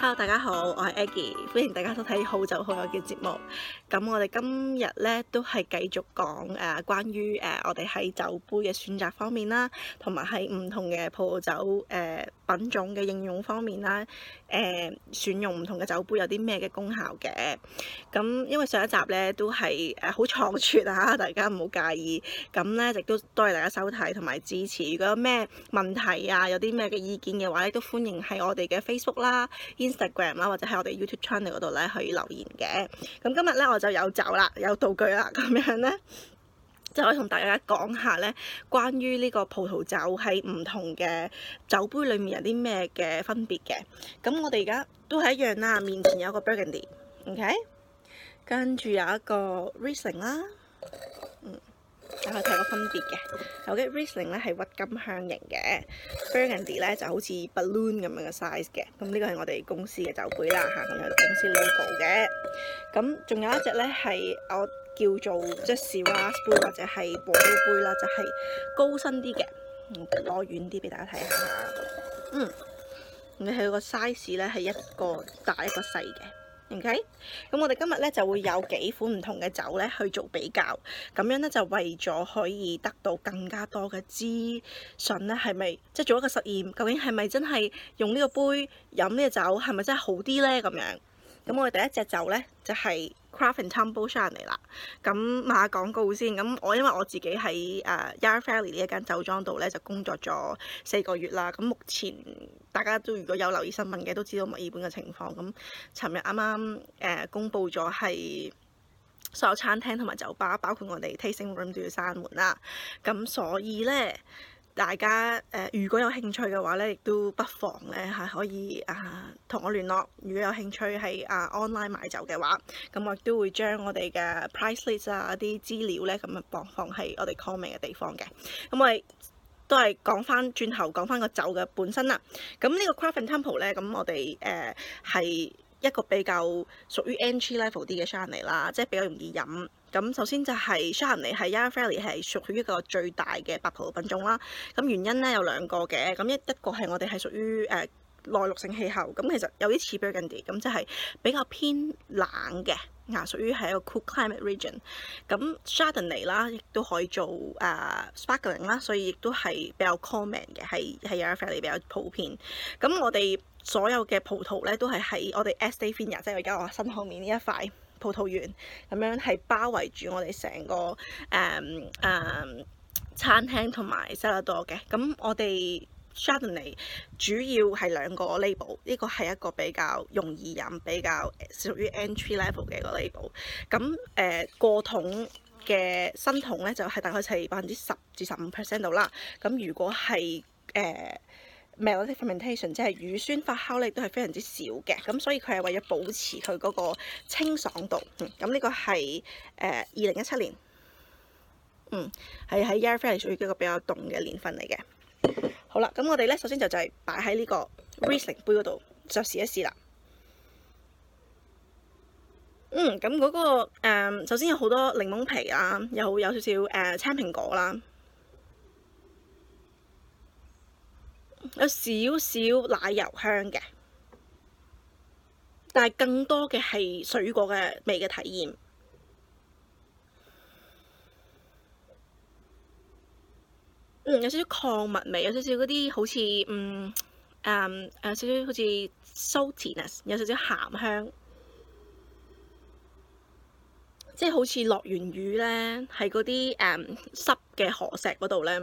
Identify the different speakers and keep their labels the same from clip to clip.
Speaker 1: Hello 大家好，我係 Aggie 歡迎大家收睇好酒好友嘅節目。咁我哋今日咧都係繼續講誒、呃，關於誒、呃、我哋喺酒杯嘅選擇方面啦，同埋喺唔同嘅葡萄酒誒、呃、品種嘅應用方面啦，誒、呃、選用唔同嘅酒杯有啲咩嘅功效嘅。咁因為上一集咧都係誒好倉促啊，大家唔好介意。咁咧亦都多謝大家收睇同埋支持。如果有咩問題啊，有啲咩嘅意見嘅話咧，都歡迎喺我哋嘅 Facebook 啦 Instagram 啦，或者喺我哋 YouTube Channel 嗰度咧，去留言嘅。咁今日咧我就有酒啦，有道具啦，咁樣咧就可以同大家講下咧關於呢個葡萄酒喺唔同嘅酒杯裏面有啲咩嘅分別嘅。咁我哋而家都係一樣啦，面前有一個 Burgundy，OK？Okay？跟住有一個 Riesling 啦、嗯。大家睇個分別嘅，有啲 Riesling 咧係鬱金香型嘅，burgundy 咧就好似 balloon 咁樣嘅 size 嘅，咁呢個係我哋公司嘅酒杯啦吓，咁有公司 logo 嘅，咁仲有一隻咧係我叫做 just glass 杯或者係玻璃杯啦，就係、是、高身啲嘅，攞遠啲俾大家睇下，嗯，你睇個 size 咧係一個大一個細嘅。OK，咁我哋今日咧就會有幾款唔同嘅酒咧去做比較，咁樣咧就為咗可以得到更加多嘅資訊咧，係咪即係做一個實驗，究竟係咪真係用呢個杯飲呢個酒，係咪真係好啲咧？咁樣，咁我哋第一隻酒咧就係、是。Craft and Temple 上嚟啦，咁賣下廣告先。咁我因為我自己喺誒、uh, Yard Family 呢一間酒莊度咧，就工作咗四個月啦。咁目前大家都如果有留意新聞嘅，都知道墨爾本嘅情況。咁尋日啱啱誒公佈咗係所有餐廳同埋酒吧，包括我哋 Tasting Room 都要閂門啦。咁所以咧。大家誒如果有興趣嘅話咧，亦都不妨咧係可以啊同我聯絡。如果有興趣係啊 online 買酒嘅話，咁我亦都會將我哋嘅 price list 啊啲資料咧咁啊放放喺我哋 comment 嘅地方嘅。咁我哋都係講翻轉頭講翻個酒嘅本身啦。咁呢個 Crafton Temple 咧，咁我哋誒係。一個比較屬於 Mg level 啲嘅 Chardonnay 啦，即係比較容易飲。咁首先就係 Chardonnay 係 Yarra Valley 係屬於一個最大嘅白葡萄品種啦。咁原因咧有兩個嘅，咁一一個係我哋係屬於誒內陸性氣候，咁其實有啲似 Burgundy，咁即係比較偏冷嘅，啊屬於係一個 cool climate region。咁 Chardonnay 啦，亦都可以做誒、uh, sparkling 啦，所以亦都係比較 common 嘅，係係 Yarra Valley 比較普遍。咁我哋。所有嘅葡萄咧都係喺我哋 Estancia，即係我而家我身後面呢一塊葡萄園，咁樣係包圍住我哋成個誒誒、嗯嗯、餐廳同埋沙拉多嘅。咁我哋 Chardonnay 主要係兩個 label，呢、這個係一個比較容易飲，比較屬於 entry level 嘅一個 label。咁誒過桶嘅新桶咧就係、是、大概係百分之十至十五 percent 度啦。咁如果係誒，呃 Malolactic fermentation 即係乳酸發酵咧，都係非常之少嘅，咁所以佢係為咗保持佢嗰個清爽度。咁、嗯、呢、這個係誒二零一七年，嗯，係喺 Yarra Valley 係屬於一個比較凍嘅年份嚟嘅。好啦，咁我哋咧首先就就係擺喺呢個 Riesling 杯嗰度，就試一試啦。嗯，咁嗰、那個、呃、首先有好多檸檬皮啦，有有少少誒、呃、青蘋果啦。有少少奶油香嘅，但係更多嘅係水果嘅味嘅體驗。嗯，有少少礦物味，有少少嗰啲好似嗯誒誒，有少少好似 saltiness，有少少鹹香，即係好似落完雨咧，喺嗰啲誒濕嘅河石嗰度咧。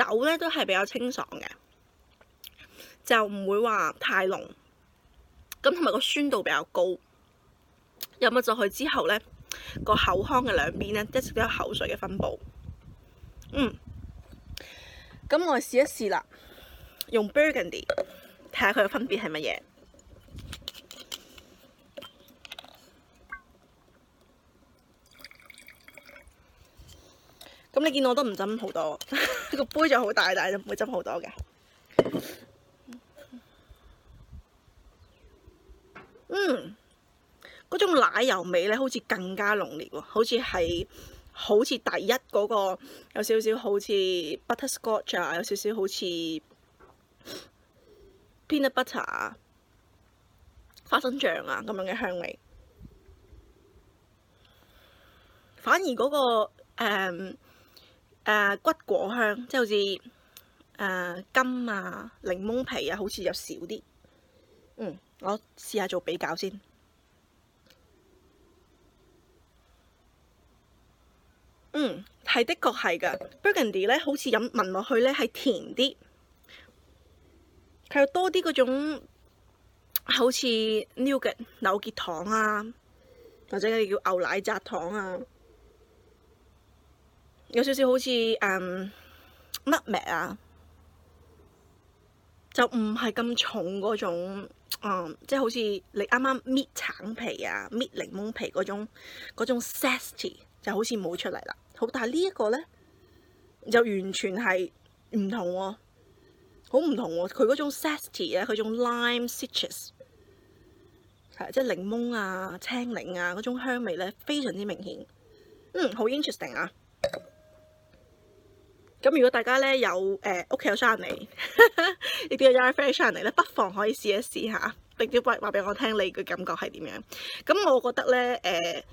Speaker 1: 酒咧都係比較清爽嘅，就唔會話太濃，咁同埋個酸度比較高。飲咗佢之後咧，個口腔嘅兩邊咧一直都有口水嘅分泌。嗯，咁我嚟試一試啦，用 Burgundy 睇下佢嘅分別係乜嘢。咁你見我都唔斟好多，個杯就好大，大係唔會斟好多嘅。嗯，嗰種奶油味咧，好似更加濃烈喎，好似係好似第一嗰個有少少好似有少少好似 Butter Scotch 啊，有少少好似 Peanut Butter、啊，花生醬啊咁樣嘅香味。反而嗰個、嗯啊、呃，骨果香，即係好似誒金啊、檸檬皮啊，好似又少啲。嗯，我試下做比較先。嗯，係的確係噶，Burgundy 咧好似飲聞落去咧係甜啲，佢有多啲嗰種好似 New 嘅扭結糖啊，或者佢哋叫牛奶炸糖啊。有少少好似誒乜味啊，嗯、就唔係咁重嗰種，嗯，即、就、係、是、好似你啱啱搣橙皮啊、搣檸檬皮嗰種嗰種 sassy 就好似冇出嚟啦。好，但係呢一個咧就完全係唔同喎、啊，好唔同喎、啊。佢嗰種 sassy 啊，佢種 lime citrus 係即係檸檬啊、青檸啊嗰種香味咧，非常之明顯。嗯，好 interesting 啊！咁如果大家咧有誒屋企有山泥，呢啲嘅 dry fresh 山泥咧，不妨可以試一試下，點解話俾我聽你嘅感覺係點樣？咁我覺得咧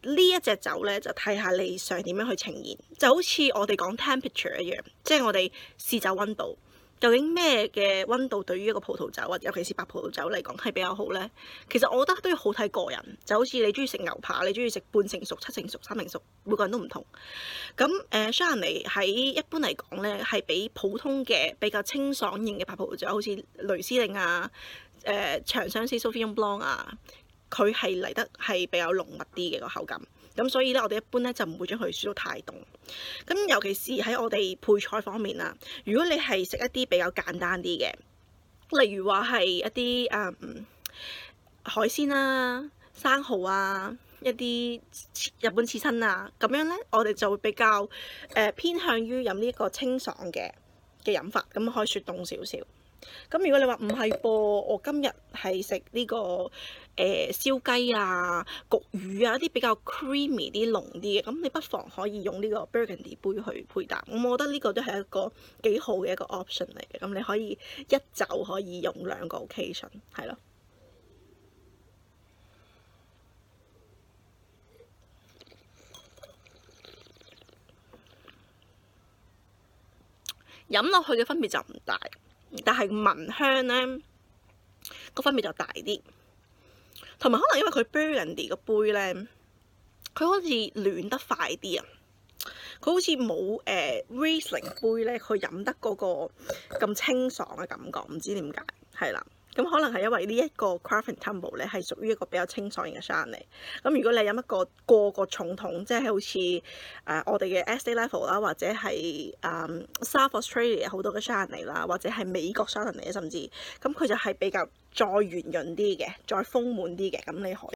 Speaker 1: 誒呢一隻酒咧，就睇下你想點樣去呈現，就好似我哋講 temperature 一樣，即係我哋試酒温度。究竟咩嘅温度對於一個葡萄酒啊，尤其是白葡萄酒嚟講係比較好呢？其實我覺得都要好睇個人，就好似你中意食牛扒，你中意食半成熟、七成熟、三成熟，每個人都唔同。咁誒，Chardonnay 喺一般嚟講呢，係比普通嘅比較清爽型嘅白葡萄酒，好似雷司令啊、誒、呃、長相思、Sauvignon Blanc 啊，佢係嚟得係比較濃密啲嘅個口感。咁所以咧，我哋一般咧就唔會將佢雪到太凍。咁尤其是喺我哋配菜方面啦，如果你係食一啲比較簡單啲嘅，例如話係一啲誒、嗯、海鮮啦、啊、生蠔啊、一啲日本刺身啊，咁樣咧，我哋就會比較誒、呃、偏向於飲呢一個清爽嘅嘅飲法，咁可以雪凍少少。咁如果你話唔係噃，我今日係食呢個誒燒雞啊、焗魚啊一啲比較 creamy 啲濃啲嘅，咁你不妨可以用呢個 Burgundy 杯去配搭。咁我覺得呢個都係一個幾好嘅一個 option 嚟嘅，咁你可以一就可以用兩個 occasion，係咯，飲落去嘅分別就唔大。但係聞香咧，個分別就大啲，同埋可能因為佢 Burgundy 個杯咧，佢好似暖得快啲啊！佢好似冇誒、呃、Riesling 杯咧，佢飲得嗰個咁清爽嘅感覺，唔知點解，係啦。咁可能係因為呢一個 Craven Tumble 咧，係屬於一個比較清爽型嘅 Sharon 嚟，咁如果你飲一個過個重桶，即係好似誒我哋嘅 Australia 啦，或者係誒、um, South Australia 好多嘅 Sharon 嚟啦，或者係美國 Sharon 嚟，甚至咁佢就係比較再圓潤啲嘅，再豐滿啲嘅，咁你可。